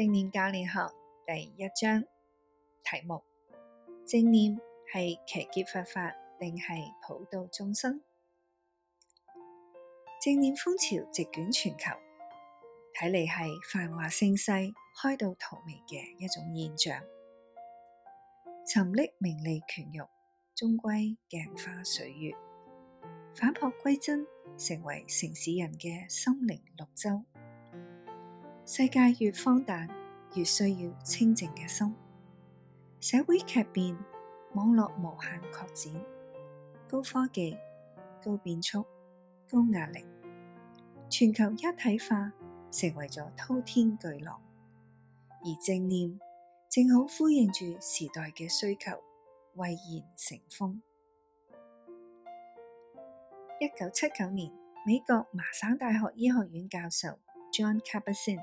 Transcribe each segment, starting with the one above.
正念教練學第一章題目：正念係騎劫佛法，定係普渡眾生？正念風潮席捲全球，睇嚟係繁華盛世開到荼蘼嘅一種現象。沉溺名利權欲，終歸鏡花水月，返璞歸真，成為城市人嘅心靈綠洲。世界越荒誕，越需要清淨嘅心。社會劇變，網絡無限擴展，高科技、高變速、高壓力，全球一體化成為咗滔天巨浪，而正念正好呼應住時代嘅需求，蔚然成風。一九七九年，美國麻省大學醫學院教授 Jon Kabat-Zinn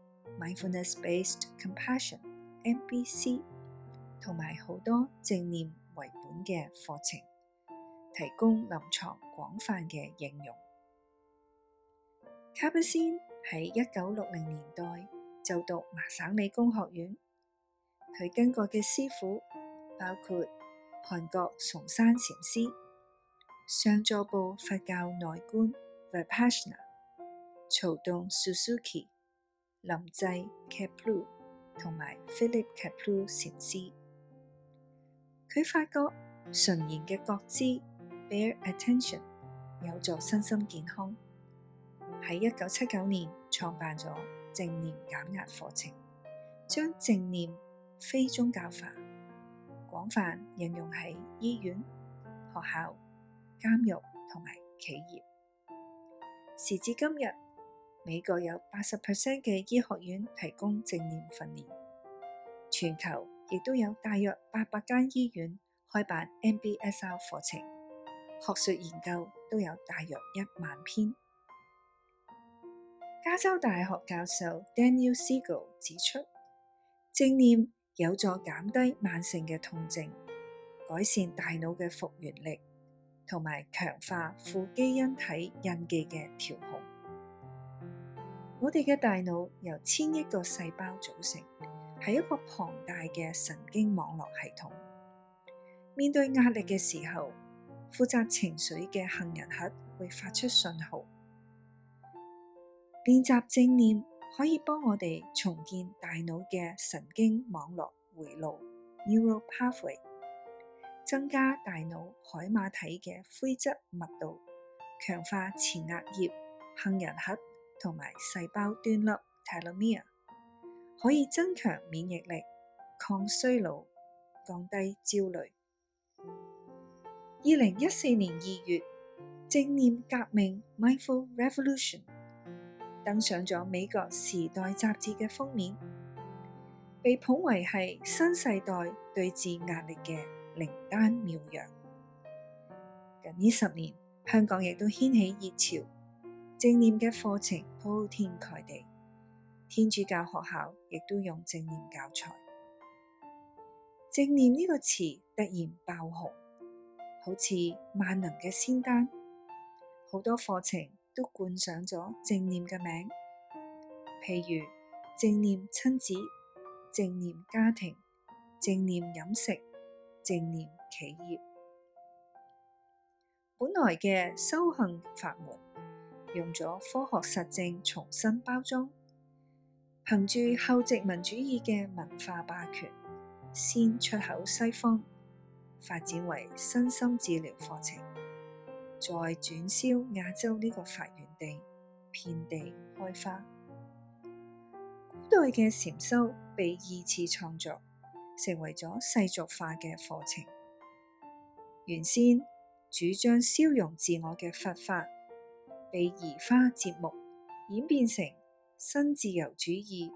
Mindfulness-based compassion (MBC) 同埋好多正念為本嘅課程，提供臨床廣泛嘅應用。卡巴仙喺一九六零年代就讀麻省理工學院，佢跟過嘅師傅包括韓國崇山禪師、上座部佛教內觀 （Vipassana）、曹洞 Suzuki。林濟卡普魯同埋 Philip 菲利普卡普魯禪師，佢發覺純然嘅覺知 bare attention 有助身心健康，喺一九七九年創辦咗正念減壓課程，將正念非宗教化，廣泛應用喺醫院、學校、監獄同埋企業。時至今日，美國有八十 percent 嘅醫學院提供正念訓練，全球亦都有大約八百間醫院開辦 MBSR 課程，學術研究都有大約一萬篇。加州大學教授 Daniel Siegel 指出，正念有助減低慢性嘅痛症，改善大腦嘅復原力，同埋強化副基因體印記嘅調控。我哋嘅大腦由千億個細胞組成，係一個龐大嘅神經網絡系統。面對壓力嘅時候，負責情緒嘅杏仁核會發出信號。練習正念可以幫我哋重建大腦嘅神經網絡回路 （neural pathway），增加大腦海馬體嘅灰質密度，強化前額葉、杏仁核。同埋細胞端粒 （telomere） 可以增強免疫力、抗衰老、降低焦慮。二零一四年二月，正念革命 （Mindful Revolution） 登上咗美國《時代》雜誌嘅封面，被捧為係新世代對治壓力嘅靈丹妙藥。近呢十年，香港亦都掀起熱潮。正念嘅課程鋪天蓋地，天主教學校亦都用正念教材。正念呢個詞突然爆紅，好似萬能嘅仙丹，好多課程都冠上咗正念嘅名，譬如正念親子、正念家庭、正念飲食、正念企業。本來嘅修行法門。用咗科學實證重新包裝，憑住後殖民主義嘅文化霸權，先出口西方，發展為身心治療課程，再轉銷亞洲呢個發源地，遍地開花。古代嘅禪修被二次創作，成為咗世俗化嘅課程。原先主張消融自我嘅佛法。被移花接木演變成新自由主義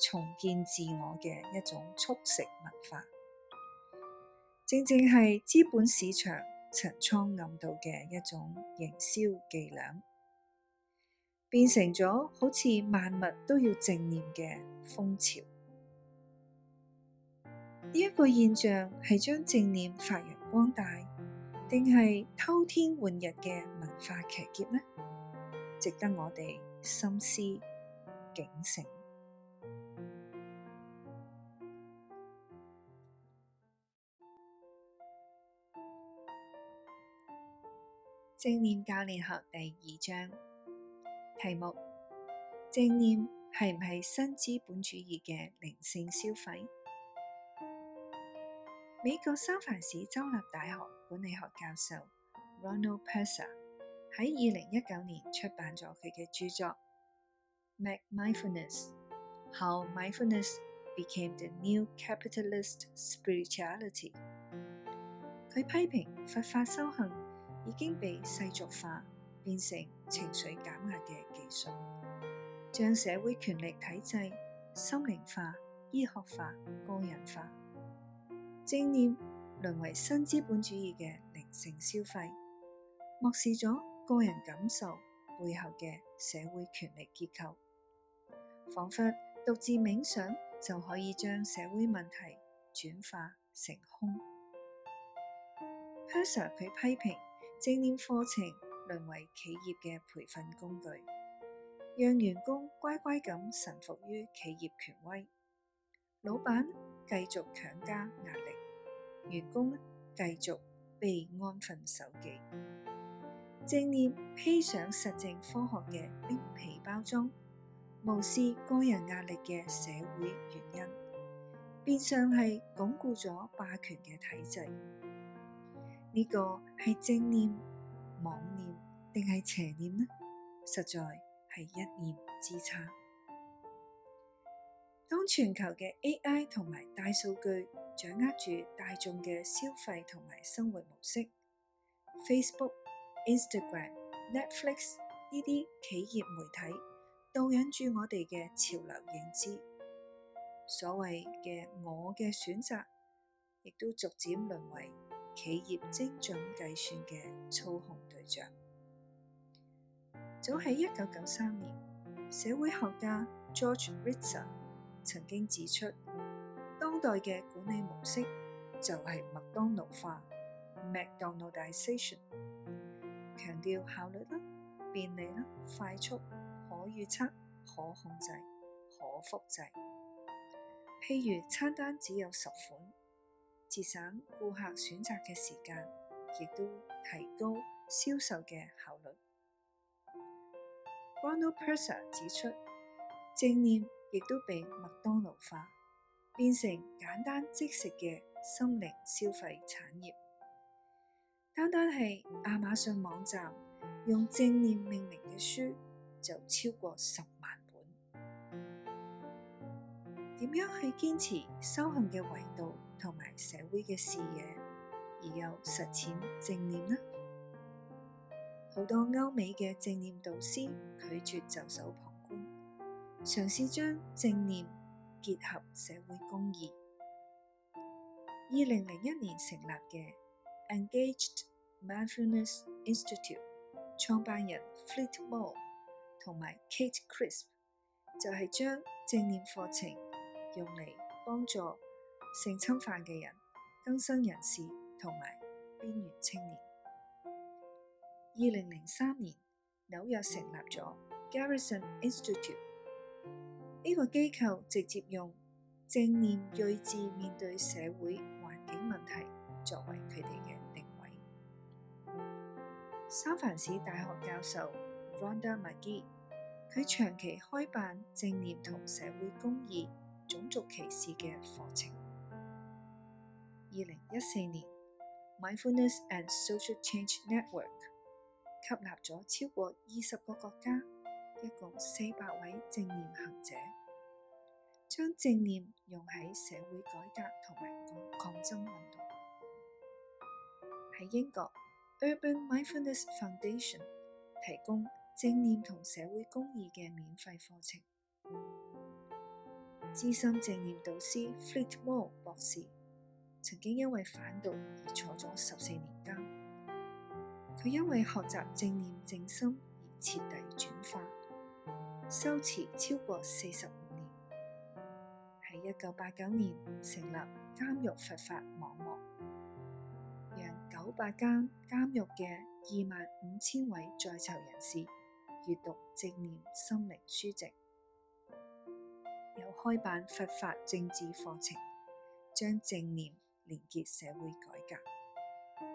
重建自我嘅一種速食文化，正正係資本市場陳倉暗度嘅一種營銷伎倆，變成咗好似萬物都要正念嘅風潮。呢、這、一個現象係將正念發揚光大，定係偷天換日嘅文化騎劫呢？值得我哋深思警醒。正念教練學第二章，題目：正念係唔係新資本主義嘅靈性消費？美國三藩市州立大學管理學教授 Ronald Purser。喺二零一九年出版咗佢嘅著作《McMindfulness: How Mindfulness Became the New Capitalist Spirituality》。佢批評佛法修行已經被世俗化，變成情緒減壓嘅技術，將社會權力體制心靈化、醫學化、個人化，正念淪為新資本主義嘅靈性消費，漠視咗。個人感受背後嘅社會權力結構，仿佛獨自冥想就可以將社會問題轉化成空。Purser 佢批評正念課程淪為企業嘅培訓工具，讓員工乖乖咁臣服於企業權威，老闆繼續強加壓力，員工繼續被安分守己。正念披上實證科學嘅冰皮包裝，無視個人壓力嘅社會原因，變相係鞏固咗霸權嘅體制。呢、這個係正念、妄念定係邪念呢？實在係一念之差。當全球嘅 A.I. 同埋大數據掌握住大眾嘅消費同埋生活模式，Facebook、Instagram、Netflix 呢啲企業媒體導引住我哋嘅潮流認知，所謂嘅我嘅選擇，亦都逐漸淪為企業精準計算嘅操控對象。早喺一九九三年，社會學家 George Ritzer 曾經指出，當代嘅管理模式就係麥當勞化 （McDonaldization）。Mc 調效率啦，便利啦，快速，可預測，可控制，可複製。譬如餐單只有十款，節省顧客選擇嘅時間，亦都提高銷售嘅效率。Ronald Purser 指出，正念亦都被麥當勞化，變成簡單即食嘅心靈消費產業。單單係亞馬遜網站用正念命名嘅書就超過十萬本。點樣去堅持修行嘅維度同埋社會嘅視野，而又實踐正念呢？好多歐美嘅正念導師拒絕袖手旁觀，嘗試將正念結合社會公義。二零零一年成立嘅。Engaged Mindfulness Institute 創辦人 Fleet Maull 同埋 Kate Crisp 就係將正念課程用嚟幫助性侵犯嘅人、更生人士同埋邊緣青年。二零零三年紐約成立咗 Garrison Institute，呢個機構直接用正念睿智面對社會環境問題作為佢哋嘅。三藩市大學教授 Ronda Magee，佢長期開辦正念同社會公義、種族歧視嘅課程。二零一四年，Mindfulness and Social Change Network 吸納咗超過二十個國家，一共四百位正念行者，將正念用喺社會改革同埋抗爭運動喺英國。Urban Mindfulness Foundation 提供正念同社會公義嘅免費課程。資深正念導師 Fleet Maull 博士曾經因為販毒而坐咗十四年監，佢因為學習正念正心而徹底轉化，修持超過四十五年，喺一九八九年成立監獄佛法網。八間監獄嘅二萬五千位在囚人士閱讀正念心靈書籍，有開辦佛法政治課程，將正念連結社會改革。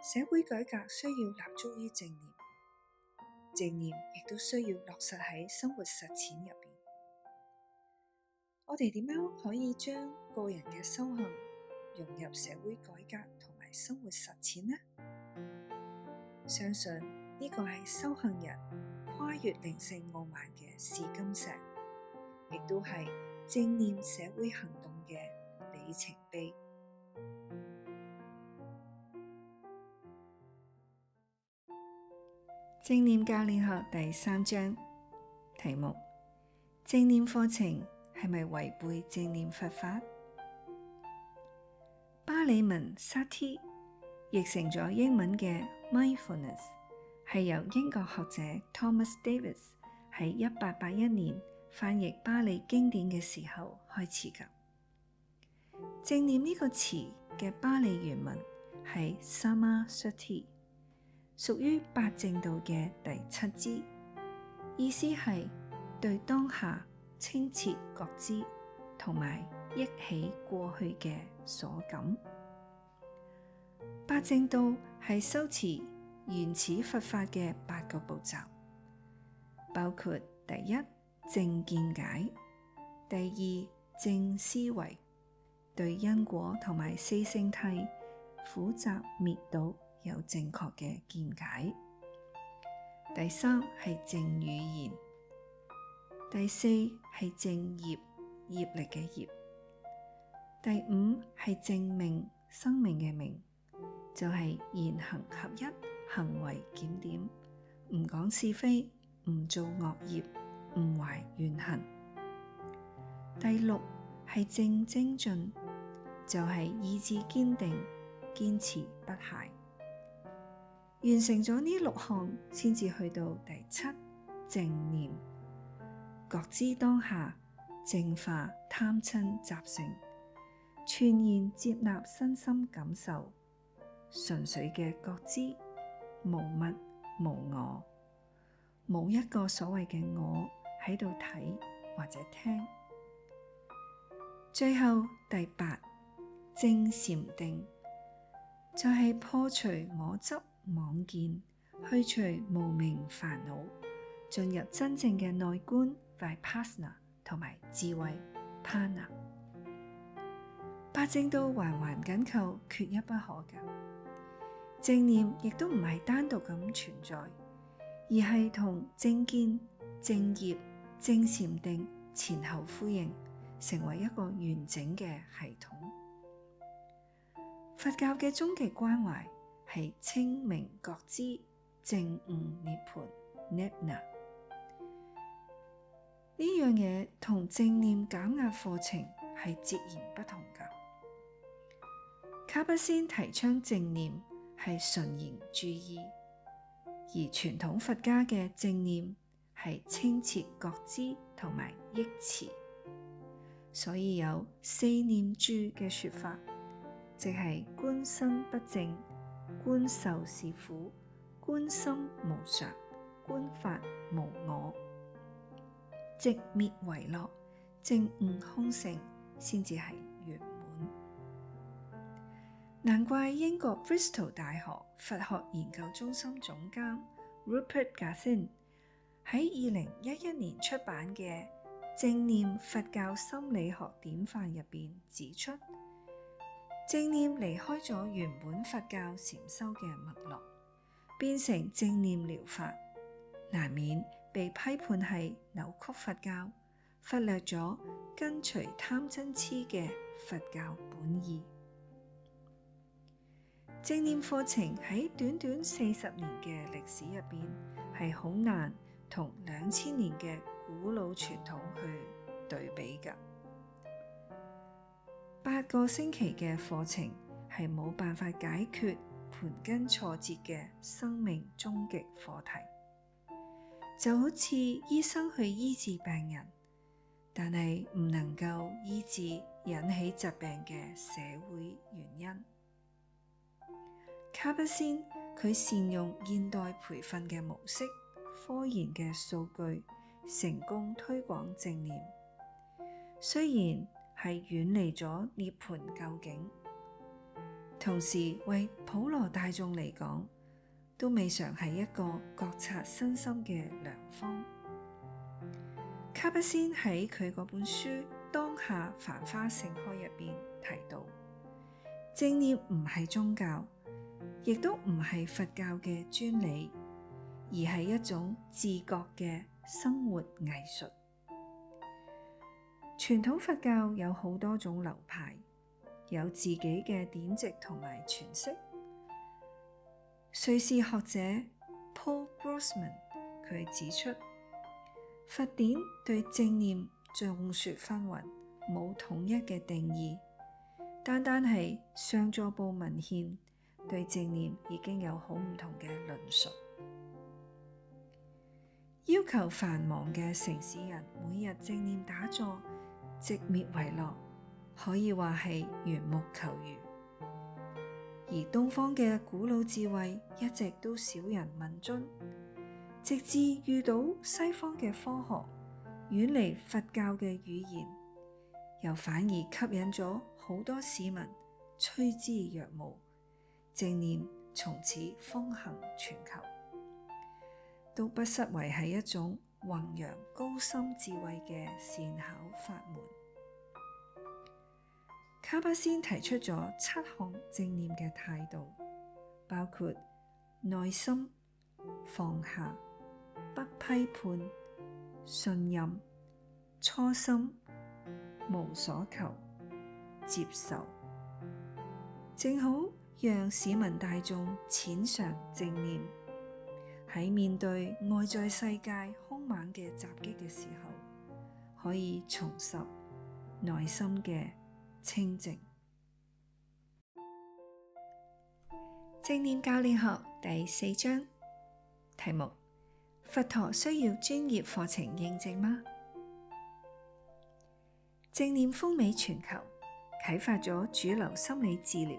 社會改革需要立足於正念，正念亦都需要落實喺生活實踐入邊。我哋點樣可以將個人嘅修行融入社會改革生活實踐呢？相信呢個係修行人跨越靈性傲慢嘅試金石，亦都係正念社會行動嘅里程碑。正念教練學第三章題目：正念課程係咪違背正念佛法？巴利文沙提，譯成咗英文嘅 mindfulness，係由英國學者 Thomas Davis 喺一八八一年翻譯巴利經典嘅時候開始㗎。正念呢個詞嘅巴利原文係 sama sati，屬於八正道嘅第七支，意思係對當下清澈覺知同埋，憶起過去嘅所感，八正道係修持原始佛法嘅八個步驟，包括第一正見解，第二正思維，對因果同埋四聖諦苦集滅道有正確嘅見解；第三係正語言，第四係正業，業力嘅業。第五係正命，生命嘅命就係言行合一，行為檢點，唔講是非，唔做惡業，唔懷怨恨。第六係正精進，就係意志堅定，堅持不懈。完成咗呢六項，先至去到第七正念，覺知當下，淨化貪嗔習性。全然接納身心感受，純粹嘅覺知，無物無我，冇一個所謂嘅我喺度睇或者聽。最後第八正禪定，就係、是、破除我執妄見，去除無名煩惱，進入真正嘅內觀 （vipassana） 同埋智慧 p a r t n e r 八正道環環緊扣，缺一不可噶。正念亦都唔係單獨咁存在，而係同正見、正業、正禪定前後呼應，成為一個完整嘅系統。佛教嘅終極關懷係清明覺知、正悟涅槃。呢樣嘢同正念減壓課程係截然不同噶。卡巴仙提倡正念係純然注意，而傳統佛家嘅正念係清澈覺知同埋憶持，所以有四念住嘅說法，即係觀身不正，觀受是苦，觀心無常，觀法無我，寂滅為樂，正悟空性，先至係完。難怪英國 Bristol 大學佛學研究中心總監 Rupert Gethin 喺二零一一年出版嘅《正念佛教心理學典範》入面指出，正念離開咗原本佛教禪修嘅脈絡，變成正念療法，難免被批判係扭曲佛教，忽略咗跟隨貪嗔癡嘅佛教本意。正念課程喺短短四十年嘅歷史入邊，係好難同兩千年嘅古老傳統去對比噶。八個星期嘅課程係冇辦法解決盤根錯節嘅生命終極課題，就好似醫生去醫治病人，但係唔能夠醫治引起疾病嘅社會原因。卡巴仙佢善用現代培訓嘅模式、科研嘅數據，成功推廣正念。雖然係遠離咗涅槃究竟，同時為普羅大眾嚟講，都未嘗係一個覺察身心嘅良方。卡巴仙喺佢嗰本書《當下繁花盛開》入邊提到，正念唔係宗教。亦都唔係佛教嘅專利，而係一種自覺嘅生活藝術。傳統佛教有好多種流派，有自己嘅典籍同埋詮釋。瑞士學者 Paul Grossman 佢指出，佛典對正念眾說紛紜，冇統一嘅定義，單單係上座部文獻對正念已經有好唔同嘅論述，要求繁忙嘅城市人每日正念打坐，寂滅為樂，可以話係緣木求魚。而東方嘅古老智慧一直都少人問津，直至遇到西方嘅科學，遠離佛教嘅語言，又反而吸引咗好多市民趨之若鶩。正念從此風行全球，都不失為係一種弘揚高深智慧嘅善巧法門。卡巴先提出咗七項正念嘅態度，包括耐心、放下、不批判、信任、初心、無所求、接受，正好。讓市民大眾淺嘗正念，喺面對外在世界兇猛嘅襲擊嘅時候，可以重拾內心嘅清淨。正念教練學第四章題目：佛陀需要專業課程認證嗎？正念風靡全球，啟發咗主流心理治療。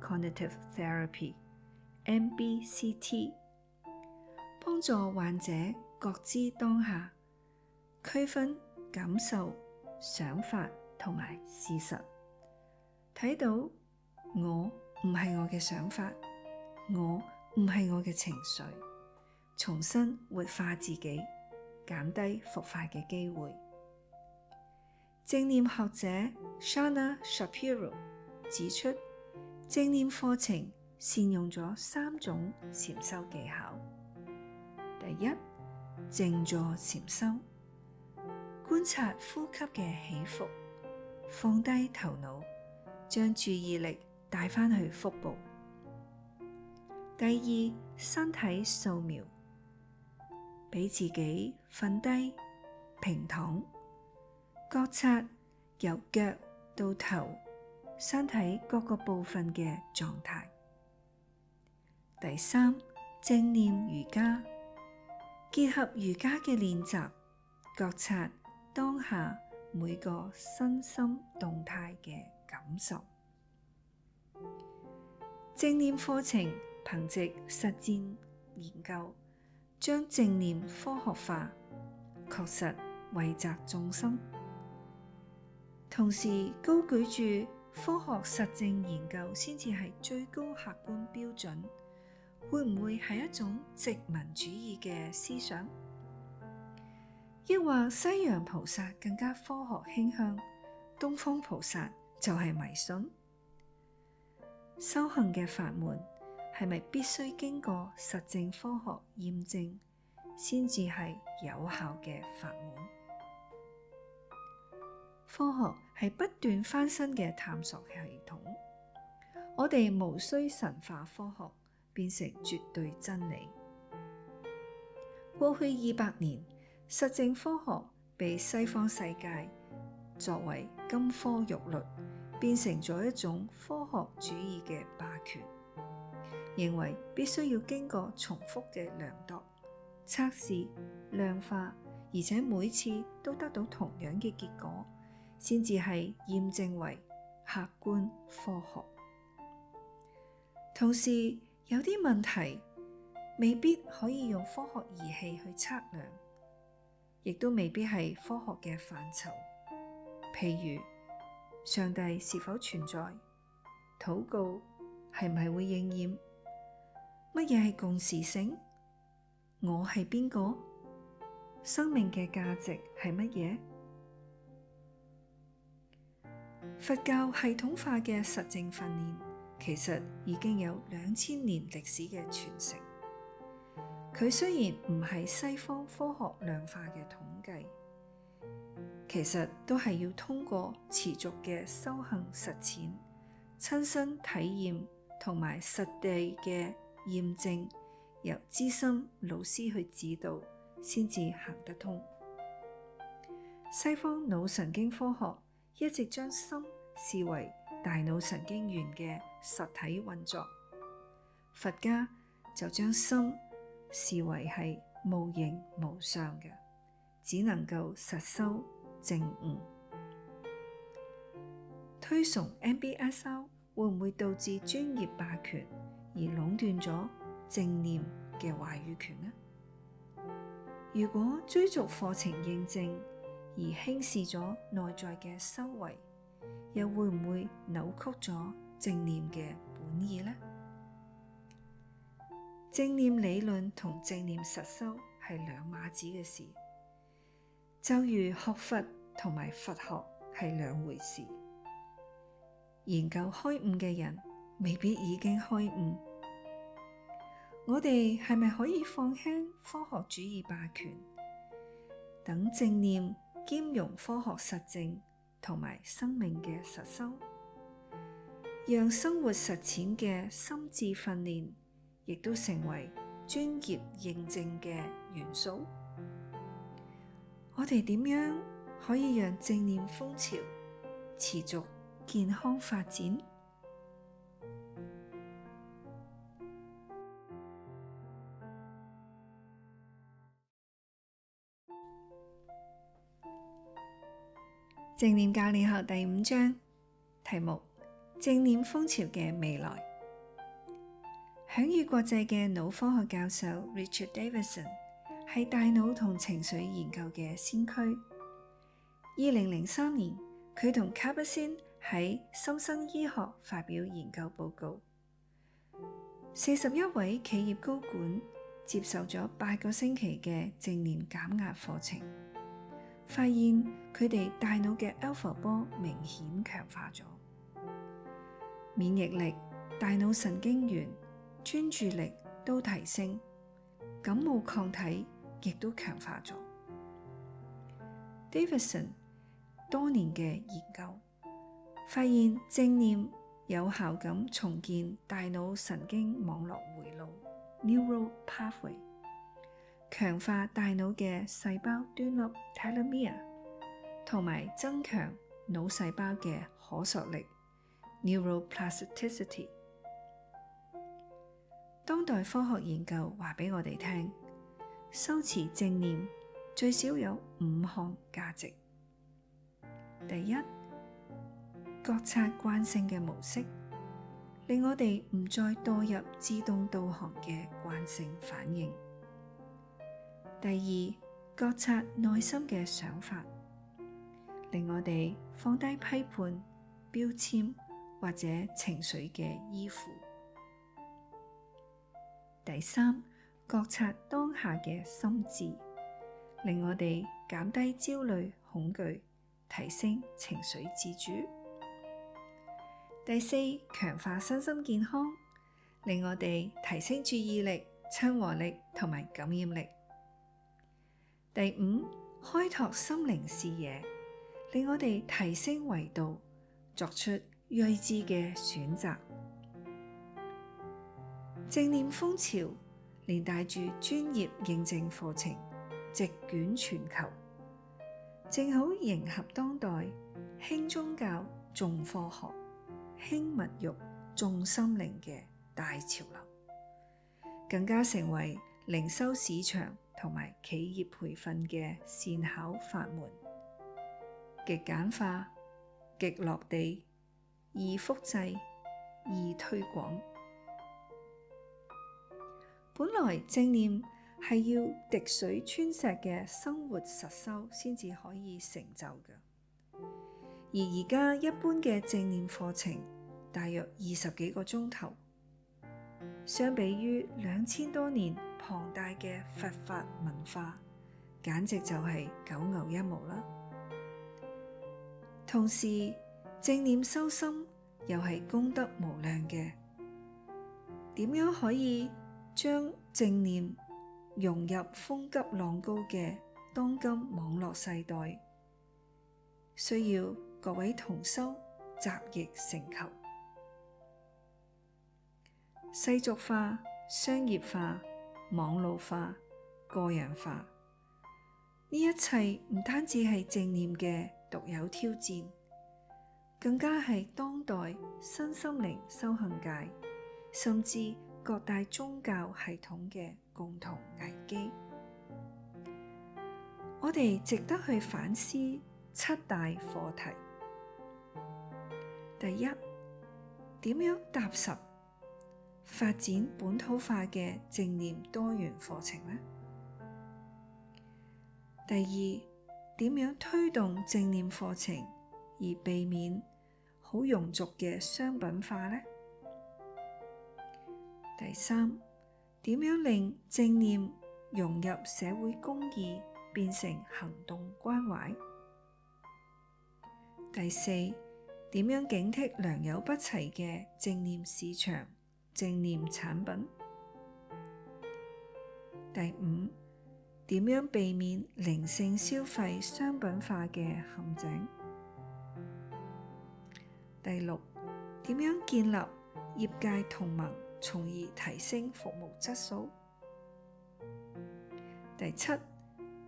Cognitive Therapy m b c t 幫助患者覺知當下，區分感受、想法同埋事實。睇到我唔係我嘅想法，我唔係我嘅情緒，重新活化自己，減低復發嘅機會。正念學者 Shanna Shapiro 指出。正念課程善用咗三種禪修技巧。第一，靜坐禪修，觀察呼吸嘅起伏，放低頭腦，將注意力帶返去腹部。第二，身體掃描，俾自己瞓低平躺，觀察由腳到頭。身體各個部分嘅狀態。第三，正念瑜伽。結合瑜伽嘅練習，覺察當下每個身心動態嘅感受。正念課程憑借實踐研究，將正念科學化，確實惠澤眾生，同時高舉住。科學實證研究先至係最高客觀標準，會唔會係一種殖民主義嘅思想？抑或西洋菩薩更加科學傾向，東方菩薩就係迷信？修行嘅法門係咪必須經過實證科學驗證先至係有效嘅法門？科學係不斷翻新嘅探索系統，我哋無需神化科學變成絕對真理。過去二百年，實證科學被西方世界作為金科玉律，變成咗一種科學主義嘅霸權，認為必須要經過重複嘅量度、測試、量化，而且每次都得到同樣嘅結果。先至係驗證為客觀科學。同時，有啲問題未必可以用科學儀器去測量，亦都未必係科學嘅範疇。譬如，上帝是否存在？禱告係唔係會應驗？乜嘢係共時性？我係邊個？生命嘅價值係乜嘢？佛教系統化嘅實證訓練，其實已經有兩千年歷史嘅傳承。佢雖然唔係西方科學量化嘅統計，其實都係要通過持續嘅修行實踐、親身體驗同埋實地嘅驗證，由資深老師去指導，先至行得通。西方腦神經科學。一直將心視為大腦神經元嘅實體運作，佛家就將心視為係無形無相嘅，只能夠實修證悟。推崇 MBSR 會唔會導致專業霸權而壟斷咗正念嘅話語權呢？如果追逐課程認證，而輕視咗內在嘅修為，又會唔會扭曲咗正念嘅本意呢？正念理論同正念實修係兩碼子嘅事，就如學佛同埋佛學係兩回事。研究開悟嘅人未必已經開悟。我哋係咪可以放輕科學主義霸權，等正念？兼容科學實證同埋生命嘅實修，讓生活實踐嘅心智訓練亦都成為專業認證嘅元素。我哋點樣可以讓正念風潮持續健康發展？正念教練學第五章題目：正念風潮嘅未來。享譽國際嘅腦科學教授 Richard Davidson 係大腦同情緒研究嘅先驅。二零零三年，佢同 Kabat-Zinn 喺《心身醫學》發表研究報告，四十一位企業高管接受咗八個星期嘅正念減壓課程。發現佢哋大腦嘅 alpha 波明顯強化咗，免疫力、大腦神經元、專注力都提升，感冒抗體亦都強化咗。Davidson 多年嘅研究發現，正念有效咁重建大腦神經網絡回路 （neural pathway）。Ne 強化大腦嘅細胞端粒 （telomere） 同埋增強腦細胞嘅可塑力 （neuroplasticity）。當代科學研究話俾我哋聽，修持正念最少有五項價值。第一，覺察慣性嘅模式，令我哋唔再墮入自動導航嘅慣性反應。第二，覺察內心嘅想法，令我哋放低批判、標籤或者情緒嘅依附。第三，覺察當下嘅心智，令我哋減低焦慮、恐懼，提升情緒自主。第四，強化身心健康，令我哋提升注意力、親和力同埋感染力。第五，開拓心靈視野，令我哋提升維度，作出睿智嘅選擇。正念風潮連帶住專業認證課程，席捲全球，正好迎合當代輕宗教重科學、輕物欲重心靈嘅大潮流，更加成為靈修市場。同埋企業培訓嘅善巧法門，極簡化、極落地、易複製、易推廣。本來正念係要滴水穿石嘅生活實修先至可以成就嘅，而而家一般嘅正念課程大約二十幾個鐘頭，相比於兩千多年龐大嘅佛法文化，簡直就係九牛一毛啦。同時，正念修心又係功德無量嘅。點樣可以將正念融入風急浪高嘅當今網絡世代，需要各位同修集腋成裘，世俗化、商業化。網絡化、個人化，呢一切唔單止係正念嘅獨有挑戰，更加係當代新心靈修行界，甚至各大宗教系統嘅共同危機。我哋值得去反思七大課題。第一，點樣踏實？發展本土化嘅正念多元課程咧。第二，點樣推動正念課程而避免好庸俗嘅商品化咧？第三，點樣令正念融入社會公義，變成行動關懷？第四，點樣警惕良莠不齊嘅正念市場？正念產品。第五，點樣避免靈性消費商品化嘅陷阱？第六，點樣建立業界同盟，從而提升服務質素？第七，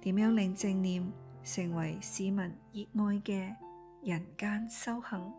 點樣令正念成為市民熱愛嘅人間修行？